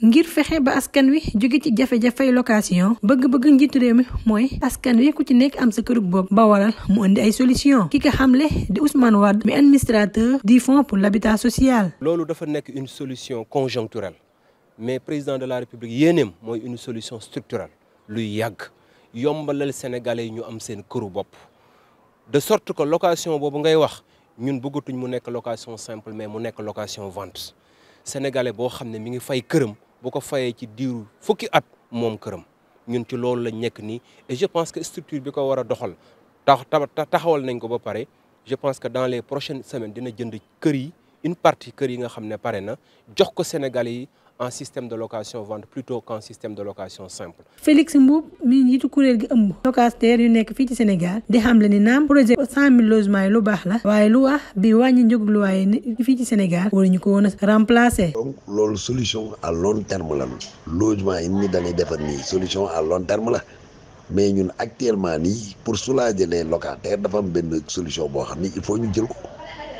ngir fexe ba askan wi jóge ci jafe-jafey location bëgg-bëgg njiitu mi mooy askan wi ku ci nekk am sa kërug bopp ba waral mu indi ay solution ki ko xamle di Ousmane Wade mi administrateur du fonds pour l'habitat social loolu dafa nekk une solution conjoncturelle mais président de la république yéeneem mooy une solution structurelle luy yàgg yombalal sénégalais yi ñu am seen këru bopp de sorte que location boobu ngay wax ñun buggatuñ mu nekk location simple mais mu nekk location vente sénégalais boo xam ne mi ngi fay këram bu ko fayee ci diiru fukki at moom këram ñun ci loolu la nekk nii et je pense que structure bi ko war a doxal tax taxawal nañ ko ba pare je pense que dans les prochaines semaines dina jënd kër yi une partie kër yi nga xam ne pare na jox ko sénégal yi en système de location vente plutôt qu'en système de location simple. Félix Mboub mi njiitu kuréel gi ëmb. locataires yu nekk fii ci Sénégal. di xam xamle ni naam projet cent yi lu baax la. waaye lu wax bi wàññi njëg lu waaye fii ci Sénégal. waruñu ko woon a remplacer. loolu solution à long terme la logement yi ni dañuy defar nii solution à long terme la. mais ñun actuellement nii pour soulager les locataires dafa am solution boo xam ni il faut ñu jël ko.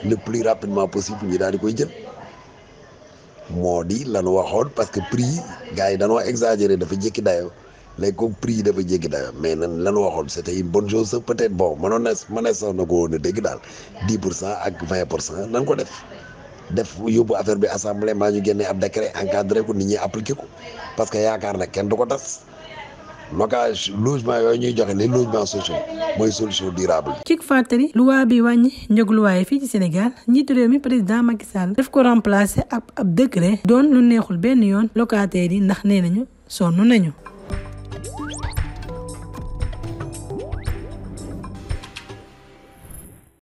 le plus rapidement possible ñu daal di koy jël moo di lan waxoon parce que prix gars yi danoo exagéré dafa jékki dayoo léegi comme prix yi dafa jékki dayoo mais nan lan waxoon c'était une bon chose sax peut-être bon mënoon noon mënees sax na ko woon a daal dix pour cent ak vingt pour cent nan ko def def yóbbu affaire bi assemblée maa ñu génnee ab décret encadré ko nit ñi appliqué ko parce que yaakaar na kenn du ko tas. locage logement yooyu ñuy joxe les logements sociaux mooy solution durable. ci fàttali loi bi wàññi njëg luwaay fii ci Sénégal njiitu réew mi président Macky Sall daf ko remplacer ab ab décret doon lu neexul benn yoon locataires yi ndax nee nañu sonn nañu.